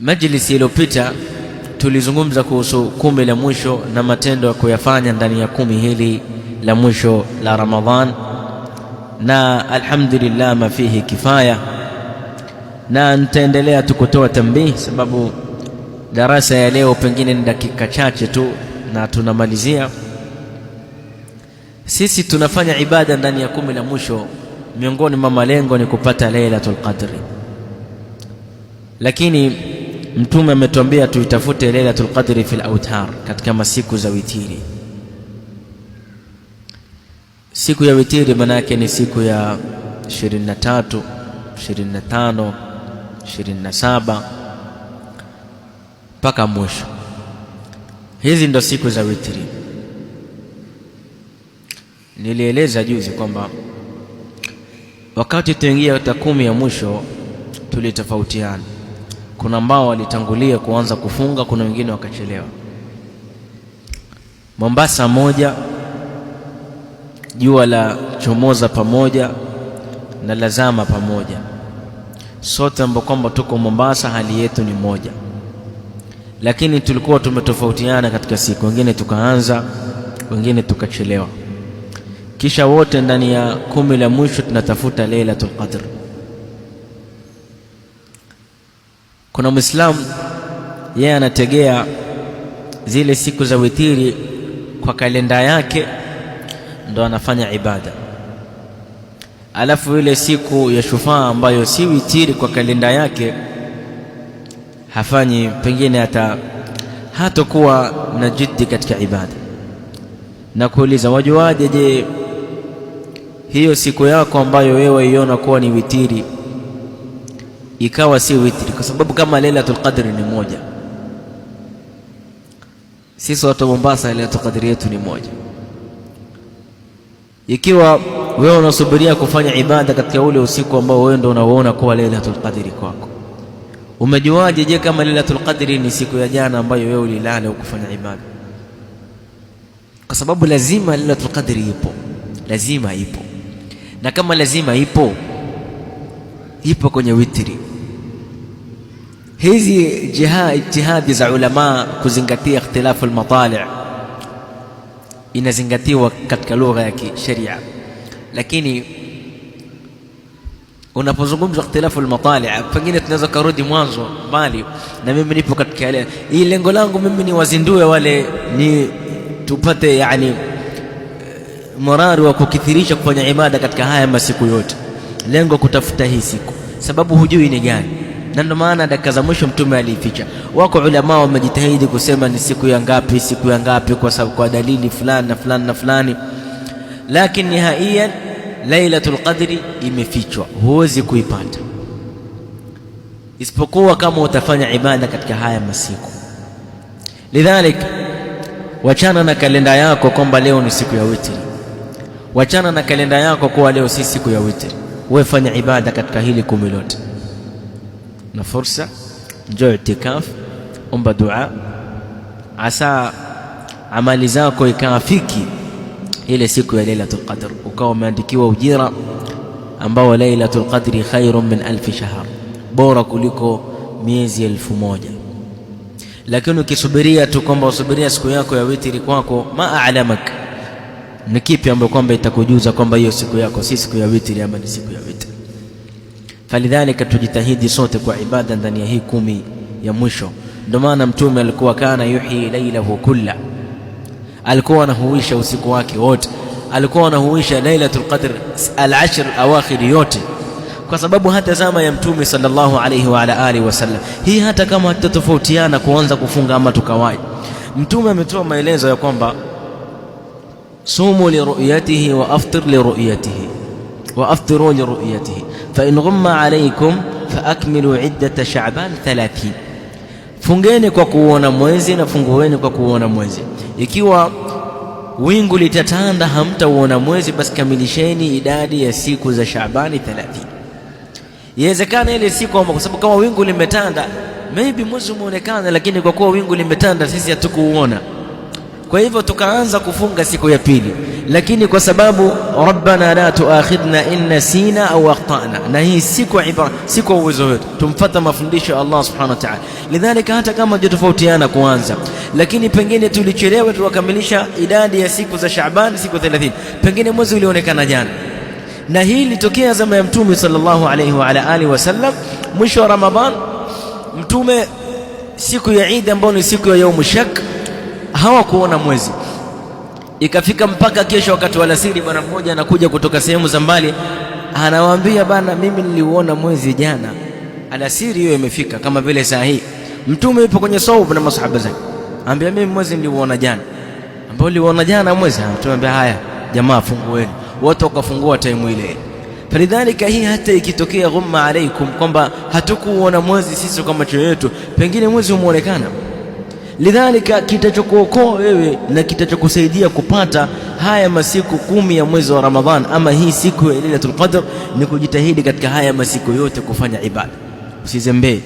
Majlisi iliyopita tulizungumza kuhusu kumi la mwisho na matendo ya kuyafanya ndani ya kumi hili la mwisho la Ramadhan, na alhamdulillah mafihi kifaya, na nitaendelea tu kutoa tambihi, sababu darasa ya leo pengine ni dakika chache tu na tunamalizia. Sisi tunafanya ibada ndani ya kumi la mwisho, miongoni mwa malengo ni kupata Lailatul Qadri, lakini Mtume ametuambia tuitafute Lailatul Qadri fil autar, katika masiku za witiri. Siku ya witiri maana yake ni siku ya 23, 25, 27 mpaka mwisho. Hizi ndo siku za witiri. Nilieleza juzi kwamba wakati tuingia katika kumi ya mwisho tulitofautiana kuna ambao walitangulia kuanza kufunga, kuna wengine wakachelewa. Mombasa moja, jua la chomoza pamoja na lazama pamoja. Sote ambao kwamba tuko Mombasa, hali yetu ni moja, lakini tulikuwa tumetofautiana katika siku, wengine tukaanza, wengine tukachelewa, kisha wote ndani ya kumi la mwisho tunatafuta Lailatul Qadr. Kuna mwislamu yeye anategea zile siku za witiri kwa kalenda yake, ndo anafanya ibada, alafu ile siku ya shufaa ambayo si witiri kwa kalenda yake hafanyi, pengine hata hatokuwa na jiddi katika ibada. Na kuuliza wajuaje, je, hiyo siku yako ambayo wewe iona kuwa ni witiri ikawa si witri, kwa sababu kama Lailatul Qadri ni moja, sisi watu wa Mombasa Lailatul Qadri yetu ni moja. Ikiwa wewe unasubiria kufanya ibada katika ule usiku ambao wewe ndio unaoona kuwa Lailatul Qadri kwako, umejuaje? Je, kama Lailatul Qadri ni siku ya jana ambayo wewe ulilala ukufanya ibada? Kwa sababu lazima Lailatul Qadri ipo, lazima ipo, na kama lazima ipo ipo kwenye witri hizi ijtihadi za ulamaa kuzingatia ikhtilafu almatali' inazingatiwa katika lugha ya kisheria, lakini unapozungumza ikhtilafu almatali' pengine tunaweza karudi mwanzo mbali, na mimi nipo katika yale. Hii lengo langu mimi ni wazindue wale, ni tupate yani eh, morari wa kukithirisha kufanya ibada katika haya masiku yote, lengo kutafuta hii siku, sababu hujui ni gani na ndio maana dakika za mwisho mtume aliificha. Wako ulama wamejitahidi kusema ni siku ya ngapi, siku ya ngapi, kwa sababu kwa dalili fulani na fulani na fulani, lakini nihaiyan Lailatul Qadri imefichwa, huwezi kuipata isipokuwa kama utafanya ibada katika haya masiku. Lidhalik, wachana na kalenda yako kwamba leo ni siku ya witri, wachana na kalenda yako kuwa leo si siku ya witri. Wewe fanya ibada katika hili kumi lote na fursa, njoo itikaf, omba dua, asa amali zako ikaafiki ile siku ya Lailatul Qadr, ukawa umeandikiwa ujira ambao Lailatul Qadri khairun min alfi shahr, bora kuliko miezi elfu moja. Lakini ukisubiria tu kwamba usubiria siku yako ya witiri kwako, ma a'lamak, ni kipi ambayo kwamba itakujuza kwamba hiyo siku yako si siku ya witiri ama ni siku ya witiri? Falidhalika, tujitahidi sote kwa ibada ndani ya hii kumi ya mwisho. Ndio maana Mtume alikuwa kana yuhyi lailahu kulla, alikuwa anahuisha usiku wake wote, alikuwa anahuisha Lailatul Qadr alashr ashr awakhiri yote, kwa sababu hata zama ya Mtume sallallahu alayhi wa ala alihi wasallam hii, hata kama tutatofautiana kuanza kufunga ama tukawahi, Mtume ametoa maelezo ya kwamba sumu liruyatihi wa aftir liruyatihi وافطروا لرؤيته فان غم عليكم faakmilu عده شعبان 30 fungeni kwa kuona mwezi na fungueni kwa kuona mwezi ikiwa wingu litatanda hamtauona mwezi basi kamilisheni idadi ya siku za shaabani 30 iwezekana ile siku kwa sababu kama wingu limetanda maybe mwezi umeonekana lakini kwa kuwa wingu limetanda sisi hatukuuona kwa hivyo tukaanza kufunga siku ya pili, lakini kwa sababu rabbana la tuakhidhna in nasina au akhtana, na hii siku ibra, siku uwezo wetu, tumfuata mafundisho ya Allah subhanahu wa ta'ala. Lidhalika, hata kama tofautiana kuanza, lakini pengine tulichelewa, tukakamilisha idadi ya siku za Shaaban, siku 30, pengine mwezi ulionekana jana, na hii ilitokea zama ya Mtume sallallahu alayhi wa ala alihi wasallam. Mwisho wa Ramadhan, Mtume siku ya Eid ambayo ni siku ya yaumu shak hawakuona mwezi. Ikafika mpaka kesho wakati wa alasiri, bwana mmoja anakuja kutoka sehemu za mbali, anawaambia bana, mimi niliuona mwezi jana alasiri. Hiyo imefika kama vile saa hii, mtume yupo kwenye saubu na masahaba zake, anambia mimi mwezi niliuona jana. Ambao niliuona jana mwezi, ah, mtume haya jamaa, fungueni. wote. wakafungua taimu ile. Falidhalika, hii hata ikitokea ghumma alaikum, kwamba hatukuuona mwezi sisi kwa macho yetu, pengine mwezi umeonekana Lidhalika, kitachokuokoa wewe na kitachokusaidia kupata haya masiku kumi ya mwezi wa Ramadhan ama hii siku ya Lailatul Qadr ni kujitahidi katika haya masiku yote kufanya ibada. Usizembee,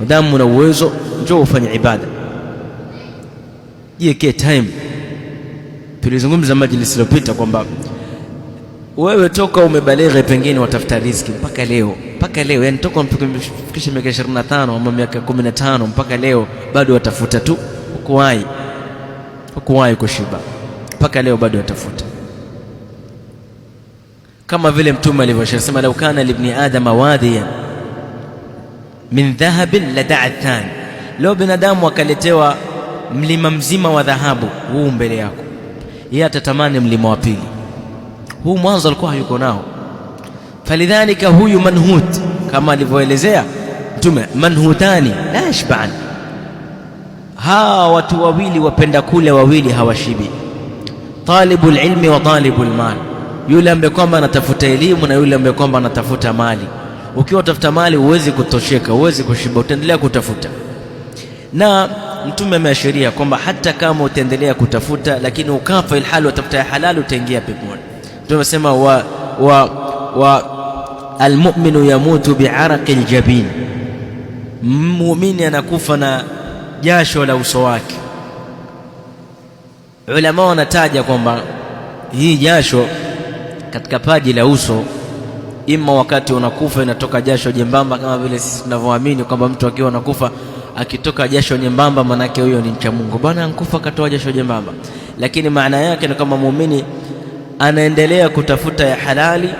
madamu una uwezo, njoo ufanye ibada, jiwekee time. Tulizungumza majlis iliyopita kwamba wewe toka umebalighe, pengine watafuta riziki mpaka leo mpaka leo, yani toka mfikisha miaka 25 ama miaka 15 mpaka leo bado watafuta tu, hukuwahi hukuwahi kushiba, mpaka leo bado watafuta, kama vile Mtume alivyosema, lau kana libni adama wadhiya min dhahabin ladaa thani. Leo binadamu akaletewa mlima mzima wa dhahabu huu mbele yako, yeye atatamani mlima wa pili huu. Mwanzo alikuwa hayuko nao falidhalika huyu manhut kama alivyoelezea Mtume, manhutani la yashbaan, hawa watu wawili wapenda kule wawili hawashibi. Talibul ilmi wa talibul mal, yule ambaye kwamba anatafuta elimu na yule ambaye kwamba anatafuta mali. Ukiwa utafuta mali huwezi kutosheka, huwezi kushiba, utaendelea kutafuta. Na Mtume ameashiria kwamba hata kama utaendelea kutafuta, lakini ukafa ilhali watafuta ya halali, utaingia peponi. Mtume amesema wa, wa, wa almuminu yamutu biaraqi ljabin, mumini anakufa na jasho la uso wake. Ulama wanataja kwamba hii jasho katika paji la uso, ima wakati unakufa inatoka jasho jembamba, kama vile sisi tunavyoamini kwamba mtu akiwa anakufa akitoka jasho jembamba, manake huyo ni mcha Mungu, bwana ankufa akatoa jasho jembamba. Lakini maana yake ni kwamba muumini anaendelea kutafuta ya halali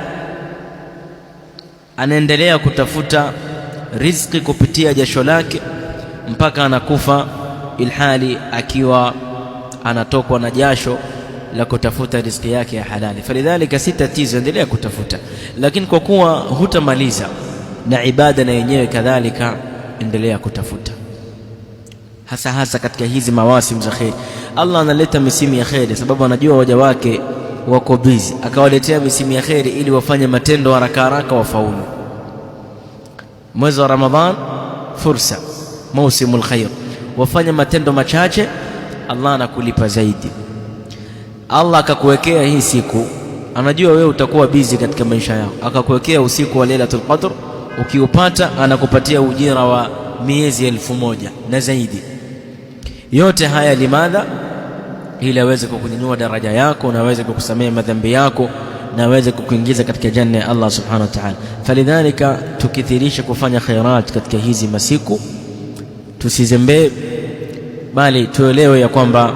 anaendelea kutafuta riziki kupitia jasho lake mpaka anakufa, ilhali akiwa anatokwa na jasho la kutafuta riziki yake ya halali. Falidhalika, si tatizo, endelea kutafuta, lakini kwa kuwa hutamaliza na ibada na yenyewe kadhalika, endelea kutafuta, hasa hasa katika hizi mawasim za kheri. Allah analeta misimu ya kheri sababu anajua waja wake wako bizi, akawaletea misimu ya kheri ili wafanye matendo haraka haraka wafaulu. Mwezi wa Ramadhan fursa, mausimul khair, wafanye matendo machache, Allah anakulipa zaidi. Allah akakuwekea hii siku, anajua wewe utakuwa bizi katika maisha yako, akakuwekea usiku wa Lailatul Qadr. Ukiupata anakupatia ujira wa miezi elfu moja na zaidi. Yote haya limadha ili aweze kukunyanyua daraja yako na aweze kukusamea madhambi yako na aweze kukuingiza katika janna ya Allah subhanahu wa ta'ala. Falidhalika, tukithirisha kufanya khairat katika hizi masiku, tusizembee, bali tuelewe ya kwamba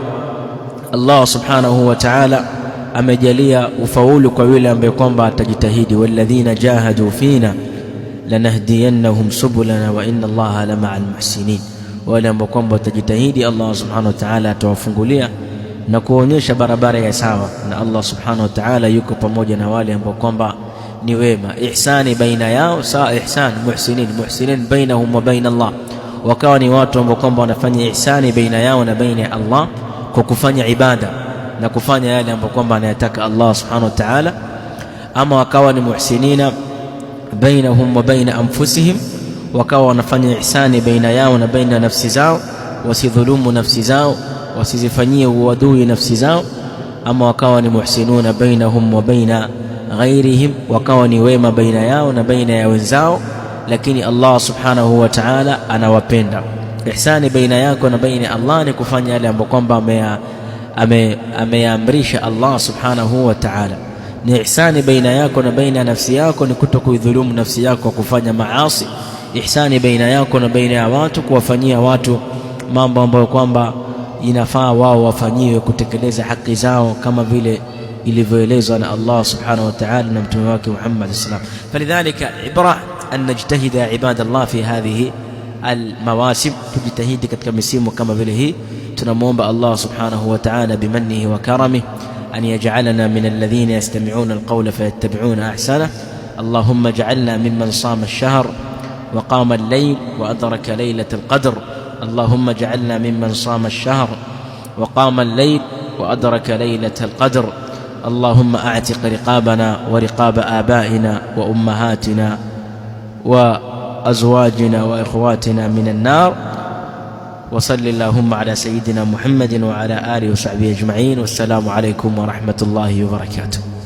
Allah subhanahu wa ta'ala amejalia ufaulu kwa yule ambaye kwamba atajitahidi. walladhina jahadu fina lanahdiyannahum subulana wa inna Allaha la ma'al muhsinin, wale ambao kwamba watajitahidi, Allah subhanahu wa ta'ala atawafungulia na kuonyesha barabara ya sawa, na Allah subhanahu wa ta'ala yuko pamoja na wale ambao kwamba ni wema. Ihsani baina yao saa ihsan muhsinin muhsinin bainahum wa baina Allah, wakawa ni watu ambao kwamba wanafanya ihsani baina yao na baina ya Allah kwa kufanya ibada na kufanya yale ambayo kwamba anayataka Allah subhanahu wa ta'ala, ama wakawa ni muhsinina bainahum wa baina anfusihim, wakawa wanafanya ihsani baina yao na baina nafsi zao, wasidhulumu nafsi zao wasizifanyie uadui nafsi zao, ama wakawa ni muhsinuna bainahum wa baina ghairihim, wakawa ni wema baina yao na baina ya wenzao. Lakini Allah subhanahu wa ta'ala anawapenda. Ihsani baina yako na baina ya Allah ni kufanya yale ambayo kwamba ameyaamrisha Allah subhanahu wa ta'ala. Ni ihsani baina yako na baina ya nafsi yako ni kuto kuidhulumu nafsi yako kwa kufanya maasi. Ihsani baina yako na baina ya watu, kuwafanyia watu mambo ambayo kwamba inafaa wao wafanyiwe kutekeleza haki zao kama vile ilivyoelezwa na Allah subhanahu wa ta'ala na mtume wake Muhammad sallallahu alayhi wasallam. Falidhalika ibra an najtahida ibadallah fi hadhihi almawasim, tujitahidi katika misimu kama vile hii. Tunamuomba Allah subhanahu wa ta'ala bimannihi wa karamihi an yaj'alana min alladhina yastami'una alqawla fayattabi'una ahsana. Allahumma ij'alna mimman sama ash-shahr wa qama al-layl wa adraka laylatal qadr اللهم اجعلنا ممن صام الشهر وقام الليل وأدرك ليلة القدر اللهم أعتق رقابنا ورقاب آبائنا وأمهاتنا وأزواجنا وإخواتنا من النار وصل اللهم على سيدنا محمد وعلى آله وصحبه أجمعين والسلام عليكم ورحمة الله وبركاته